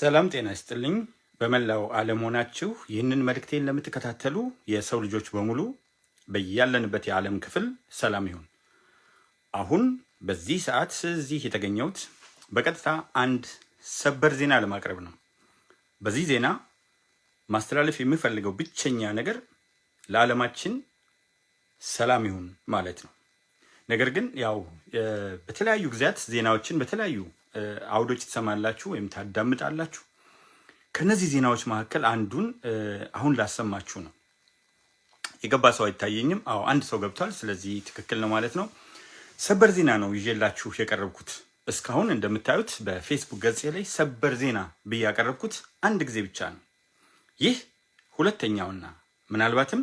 ሰላም ጤና ይስጥልኝ። በመላው ዓለም ሆናችሁ ይህንን መልእክቴን ለምትከታተሉ የሰው ልጆች በሙሉ በያለንበት የዓለም ክፍል ሰላም ይሁን። አሁን በዚህ ሰዓት እዚህ የተገኘሁት በቀጥታ አንድ ሰበር ዜና ለማቅረብ ነው። በዚህ ዜና ማስተላለፍ የሚፈልገው ብቸኛ ነገር ለዓለማችን ሰላም ይሁን ማለት ነው። ነገር ግን ያው በተለያዩ ጊዜያት ዜናዎችን በተለያዩ አውዶች ትሰማላችሁ ወይም ታዳምጣላችሁ። ከነዚህ ዜናዎች መካከል አንዱን አሁን ላሰማችሁ ነው። የገባ ሰው አይታየኝም። አዎ አንድ ሰው ገብቷል። ስለዚህ ትክክል ነው ማለት ነው። ሰበር ዜና ነው ይዤላችሁ የቀረብኩት። እስካሁን እንደምታዩት በፌስቡክ ገጽ ላይ ሰበር ዜና ብዬ ያቀረብኩት አንድ ጊዜ ብቻ ነው። ይህ ሁለተኛውና ምናልባትም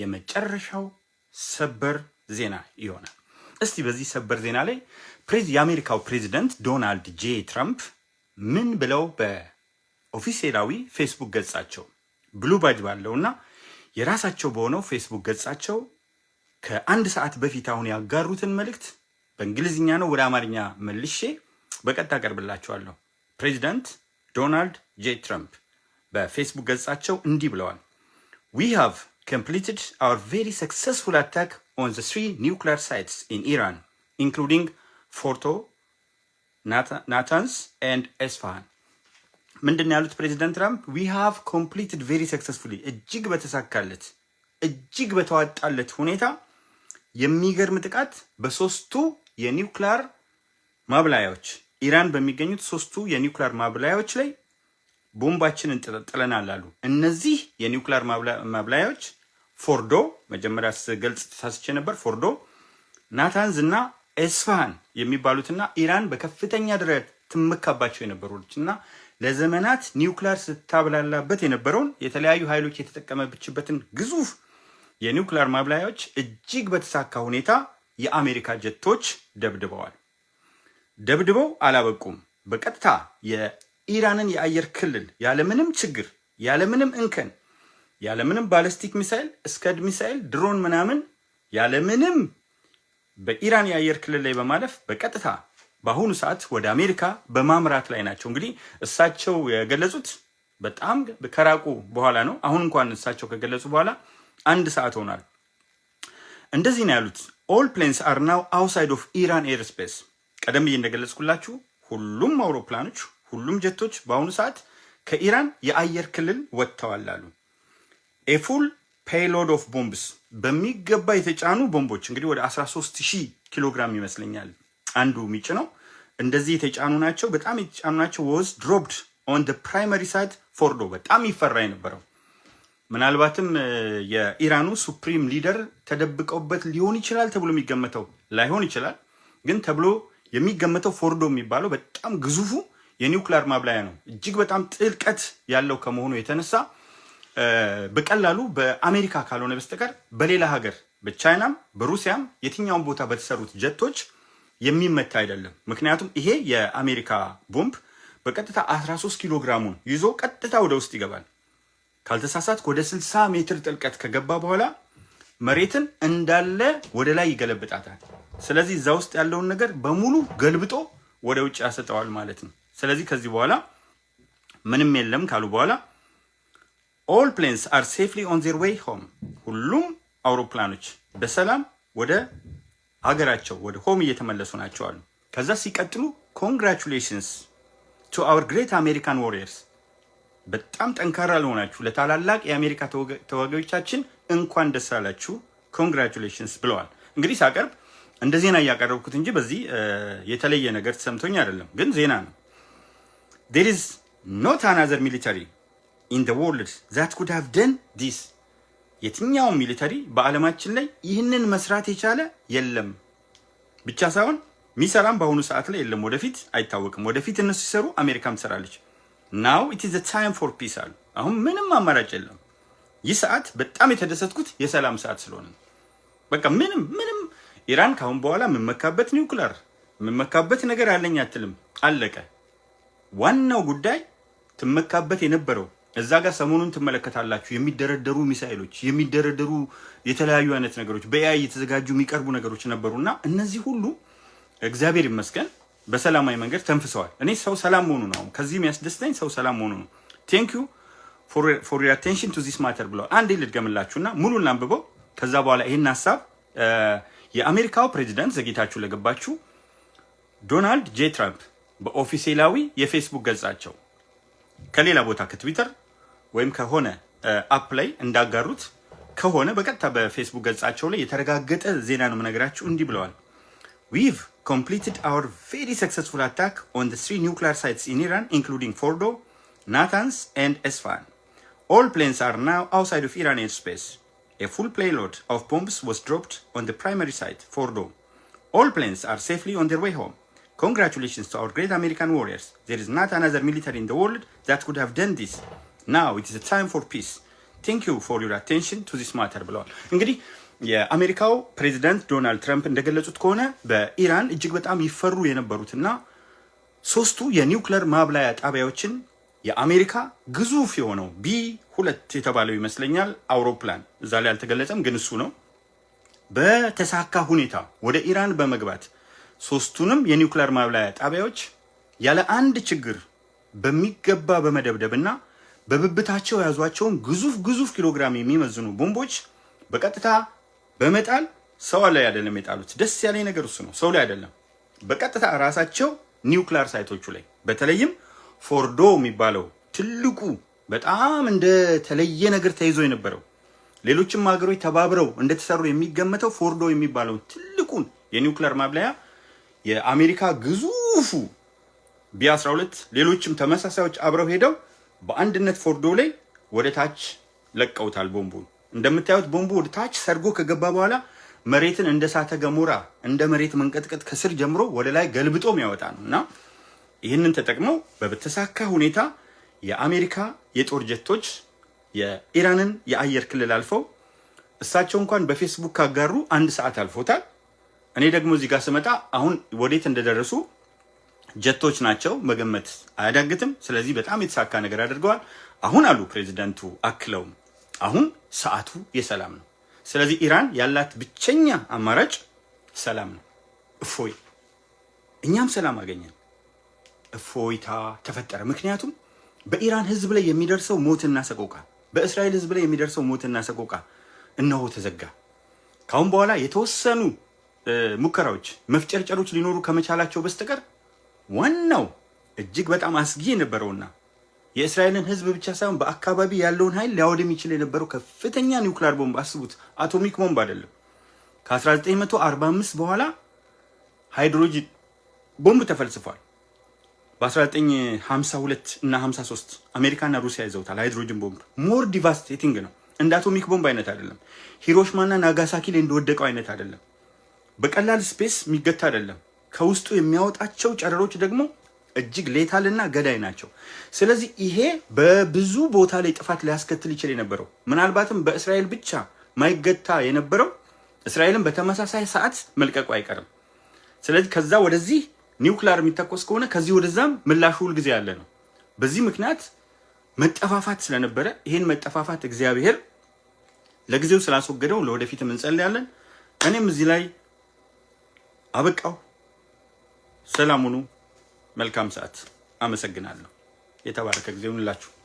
የመጨረሻው ሰበር ዜና ይሆናል። እስቲ በዚህ ሰበር ዜና ላይ የአሜሪካው ፕሬዚደንት ዶናልድ ጄ ትራምፕ ምን ብለው በኦፊሴላዊ ፌስቡክ ገጻቸው ብሉ ባጅ እና የራሳቸው በሆነው ፌስቡክ ገጻቸው ከአንድ ሰዓት በፊት አሁን ያጋሩትን መልእክት በእንግሊዝኛ ነው ወደ አማርኛ መልሼ በቀጥታ አቀርብላችኋለሁ። ፕሬዚደንት ዶናልድ ጄ ትራምፕ በፌስቡክ ገጻቸው እንዲህ ብለዋል ዊ ሃቭ completed our very successful attack on the three nuclear sites in Iran, including Forto, Natanz and Esfahan ምንድን ያሉት ፕሬዚደንት ትራምፕ ዊ ሃቭ ኮምፕሊትድ ቬሪ ሰክሰስፉሊ እጅግ በተሳካለት እጅግ በተዋጣለት ሁኔታ የሚገርም ጥቃት በሶስቱ የኒውክሊር ማብላያዎች ኢራን በሚገኙት ሶስቱ የኒውክሊር ማብላያዎች ላይ ቦምባችንን ጥለናል አሉ። እነዚህ የኒውክሊር ማብላያዎች ፎርዶ መጀመሪያ ስገልጽ ተሳስቼ ነበር። ፎርዶ፣ ናታንዝ እና ኤስፋሃን የሚባሉትና ኢራን በከፍተኛ ደረጃ ትመካባቸው የነበሩች እና ለዘመናት ኒውክሊር ስታብላላበት የነበረውን የተለያዩ ኃይሎች የተጠቀመችበትን ግዙፍ የኒውክሊር ማብላያዎች እጅግ በተሳካ ሁኔታ የአሜሪካ ጀቶች ደብድበዋል። ደብድበው አላበቁም። በቀጥታ የኢራንን የአየር ክልል ያለምንም ችግር ያለምንም እንከን ያለምንም ባለስቲክ ሚሳይል እስከድ ሚሳይል ድሮን ምናምን ያለምንም በኢራን የአየር ክልል ላይ በማለፍ በቀጥታ በአሁኑ ሰዓት ወደ አሜሪካ በማምራት ላይ ናቸው። እንግዲህ እሳቸው የገለጹት በጣም ከራቁ በኋላ ነው። አሁን እንኳን እሳቸው ከገለጹ በኋላ አንድ ሰዓት ሆኗል። እንደዚህ ነው ያሉት። ኦል ፕሌንስ አር ናው አውትሳይድ ኦፍ ኢራን ኤር ስፔስ። ቀደም ብዬ እንደገለጽኩላችሁ ሁሉም አውሮፕላኖች፣ ሁሉም ጀቶች በአሁኑ ሰዓት ከኢራን የአየር ክልል ወጥተዋል አሉ። ፉል ፔይሎድ ኦፍ ቦምብስ በሚገባ የተጫኑ ቦምቦች እንግዲህ ወደ 13 ሺህ ኪሎ ግራም ይመስለኛል አንዱ ሚጭ ነው። እንደዚህ የተጫኑ ናቸው፣ በጣም የተጫኑ ናቸው። ወዝ ድሮፕድ ኦን ደ ፕራይመሪ ሳይት ፎርዶ በጣም ይፈራ የነበረው ምናልባትም የኢራኑ ሱፕሪም ሊደር ተደብቀውበት ሊሆን ይችላል ተብሎ የሚገመተው ላይሆን ይችላል ግን ተብሎ የሚገመተው ፎርዶ የሚባለው በጣም ግዙፉ የኒውክሊየር ማብላያ ነው። እጅግ በጣም ጥልቀት ያለው ከመሆኑ የተነሳ በቀላሉ በአሜሪካ ካልሆነ በስተቀር በሌላ ሀገር በቻይናም በሩሲያም የትኛውን ቦታ በተሰሩት ጀቶች የሚመታ አይደለም። ምክንያቱም ይሄ የአሜሪካ ቦምብ በቀጥታ 13 ኪሎ ግራሙን ይዞ ቀጥታ ወደ ውስጥ ይገባል። ካልተሳሳት ወደ 60 ሜትር ጥልቀት ከገባ በኋላ መሬትን እንዳለ ወደ ላይ ይገለብጣታል። ስለዚህ እዛ ውስጥ ያለውን ነገር በሙሉ ገልብጦ ወደ ውጭ ያሰጠዋል ማለት ነው። ስለዚህ ከዚህ በኋላ ምንም የለም ካሉ በኋላ ኦል ፕሌንስ አር ሴፍሊ ኦን ዜር ዌይ ሆም ሁሉም አውሮፕላኖች በሰላም ወደ ሀገራቸው ወደ ሆም እየተመለሱ ናቸው አሉ። ከዛ ሲቀጥሉ ኮንግራቹሌሽንስ ቱ አወር ግሬት አሜሪካን ዋሪየርስ በጣም ጠንካራ ለሆናችሁ ለታላላቅ የአሜሪካ ተዋጊዎቻችን እንኳን ደስ አላችሁ ኮንግራቹሌሽንስ ብለዋል። እንግዲህ ሳቀርብ እንደ ዜና እያቀረብኩት እንጂ በዚህ የተለየ ነገር ሰምቶኝ አይደለም፣ ግን ዜና ነው። ዴር ኢዝ ኖት አናዘር ሚሊተሪ ኢን ዘ ወርልድ ዛት ኩድ ሃቭ ደን ዲስ። የትኛውም ሚሊተሪ በዓለማችን ላይ ይህንን መስራት የቻለ የለም ብቻ ሳይሆን ሚሰራም በአሁኑ ሰዓት ላይ የለም። ወደፊት አይታወቅም። ወደፊት እነሱ ሲሰሩ አሜሪካም ትሰራለች። ናው ኢት ኢዝ ታይም ፎር ፒስ አሉ። አሁን ምንም አማራጭ የለም። ይህ ሰዓት በጣም የተደሰትኩት የሰላም ሰዓት ስለሆነ በቃ ምንም ምንም ኢራን ከአሁን በኋላ የምመካበት ኒውክለር የምመካበት ነገር አለኝ አትልም። አለቀ። ዋናው ጉዳይ ትመካበት የነበረው እዛ ጋር ሰሞኑን ትመለከታላችሁ የሚደረደሩ ሚሳኤሎች የሚደረደሩ የተለያዩ አይነት ነገሮች በኤአይ የተዘጋጁ የሚቀርቡ ነገሮች ነበሩና እነዚህ ሁሉ እግዚአብሔር ይመስገን በሰላማዊ መንገድ ተንፍሰዋል። እኔ ሰው ሰላም መሆኑ ነው ከዚህ የሚያስደስተኝ ሰው ሰላም መሆኑ ነው። ቴንክ ዩ ፎር ዩር አቴንሽን ቱ ዚስ ማተር ብለዋል። አንዴ ልድገምላችሁና ሙሉን ላንብበው። ከዛ በኋላ ይህን ሀሳብ የአሜሪካው ፕሬዚደንት ዘጌታችሁ ለገባችሁ ዶናልድ ጄ ትራምፕ በኦፊሴላዊ የፌስቡክ ገጻቸው ከሌላ ቦታ ከትዊተር ወይም ከሆነ አፕ ላይ እንዳጋሩት ከሆነ በቀጥታ በፌስቡክ ገጻቸው ላይ የተረጋገጠ ዜና ነው የምነግራችሁ። እንዲህ ብለዋል። ዊቭ ኮምፕሊትድ አወር ቬሪ ሰክሰስፉል አታክ ኦን ትሪ ኒውክሊር ሳይትስ ኢን ኢራን ኢንክሉዲንግ ፎርዶ ናታንስ ኤንድ ኤስፋን ኦል ፕሌንስ አር ናው አውትሳይድ ኦፍ ኢራን ኤር ስፔስ ኤ ፉል ፔይሎድ ኦፍ ቦምብስ ዋዝ ድሮፕድ ኦን ፕራይማሪ ሳይት ፎርዶ ኦል ፕሌንስ አር ሴፍሊ ኦን ዜር ዌይ ሆም ኮንግራቹሌሽንስ ቱ አወር ግሬት አሜሪካን ዋሪየርስ ዜር ኢዝ ናት አናዘር ሚሊተሪ ኢን ዘ ወርልድ ዛት ኩድ ሃቭ ደን ዲስ ናው ኢትስ ታይም ፎር ፒስ ቴንክ ዩ ፎር ዩር አቴንሽን ቱ ዚስ ማተር ብለዋል። እንግዲህ የአሜሪካው ፕሬዚዳንት ዶናልድ ትራምፕ እንደገለጹት ከሆነ በኢራን እጅግ በጣም ይፈሩ የነበሩትና ሶስቱ የኒውክለር ማብላያ ጣቢያዎችን የአሜሪካ ግዙፍ የሆነው ቢ ሁለት የተባለው ይመስለኛል አውሮፕላን እዛ ላይ አልተገለጸም፣ ግን እሱ ነው በተሳካ ሁኔታ ወደ ኢራን በመግባት ሶስቱንም የኒውክለር ማብላያ ጣቢያዎች ያለ አንድ ችግር በሚገባ በመደብደብና በብብታቸው የያዟቸውን ግዙፍ ግዙፍ ኪሎግራም የሚመዝኑ ቦምቦች በቀጥታ በመጣል ሰው ላይ አይደለም የጣሉት። ደስ ያለኝ ነገር እሱ ነው። ሰው ላይ አይደለም፣ በቀጥታ ራሳቸው ኒውክሊር ሳይቶቹ ላይ በተለይም ፎርዶ የሚባለው ትልቁ በጣም እንደተለየ ነገር ተይዞ የነበረው ሌሎችም ሀገሮች ተባብረው እንደተሰሩ የሚገመተው ፎርዶ የሚባለውን ትልቁን የኒውክሊር ማብለያ የአሜሪካ ግዙፉ ቢ12 ሌሎችም ተመሳሳዮች አብረው ሄደው በአንድነት ፎርዶ ላይ ወደ ታች ለቀውታል። ቦምቡን እንደምታዩት ቦምቡ ወደ ታች ሰርጎ ከገባ በኋላ መሬትን እንደ ሳተ ገሞራ እንደ መሬት መንቀጥቀጥ ከስር ጀምሮ ወደ ላይ ገልብጦ የሚያወጣ ነው እና ይህንን ተጠቅመው በተሳካ ሁኔታ የአሜሪካ የጦር ጀቶች የኢራንን የአየር ክልል አልፈው እሳቸው እንኳን በፌስቡክ ካጋሩ አንድ ሰዓት አልፎታል። እኔ ደግሞ እዚህ ጋር ስመጣ አሁን ወዴት እንደደረሱ ጀቶች ናቸው፣ መገመት አያዳግትም። ስለዚህ በጣም የተሳካ ነገር አድርገዋል። አሁን አሉ ፕሬዚደንቱ አክለውም አሁን ሰዓቱ የሰላም ነው። ስለዚህ ኢራን ያላት ብቸኛ አማራጭ ሰላም ነው። እፎይ እኛም ሰላም አገኘን፣ እፎይታ ተፈጠረ። ምክንያቱም በኢራን ህዝብ ላይ የሚደርሰው ሞትና ሰቆቃ፣ በእስራኤል ህዝብ ላይ የሚደርሰው ሞትና ሰቆቃ እነሆ ተዘጋ። ካሁን በኋላ የተወሰኑ ሙከራዎች፣ መፍጨርጨሮች ሊኖሩ ከመቻላቸው በስተቀር ዋናው እጅግ በጣም አስጊ የነበረውና የእስራኤልን ህዝብ ብቻ ሳይሆን በአካባቢ ያለውን ኃይል ሊያወድም ይችል የነበረው ከፍተኛ ኒውክሊየር ቦምብ አስቡት፣ አቶሚክ ቦምብ አይደለም። ከ1945 በኋላ ሃይድሮጂን ቦምብ ተፈልስፏል። በ1952 እና 53 አሜሪካና ሩሲያ ይዘውታል። ሃይድሮጂን ቦምብ ሞር ዲቫስቴቲንግ ነው። እንደ አቶሚክ ቦምብ አይነት አይደለም። ሂሮሽማና ናጋሳኪ ላይ እንደወደቀው አይነት አይደለም። በቀላል ስፔስ የሚገታ አይደለም። ከውስጡ የሚያወጣቸው ጨረሮች ደግሞ እጅግ ሌታልና ገዳይ ናቸው። ስለዚህ ይሄ በብዙ ቦታ ላይ ጥፋት ሊያስከትል ይችል የነበረው ምናልባትም በእስራኤል ብቻ ማይገታ የነበረው እስራኤልን በተመሳሳይ ሰዓት መልቀቁ አይቀርም። ስለዚህ ከዛ ወደዚህ ኒውክሊየር የሚተኮስ ከሆነ ከዚህ ወደዛም ምላሹ ሁልጊዜ ያለ ነው። በዚህ ምክንያት መጠፋፋት ስለነበረ ይህን መጠፋፋት እግዚአብሔር ለጊዜው ስላስወገደው ለወደፊትም እንጸልያለን። እኔም እዚህ ላይ አበቃው። ሰላም ሁኑ። መልካም ሰዓት። አመሰግናለሁ። የተባረከ ጊዜ ሁንላችሁ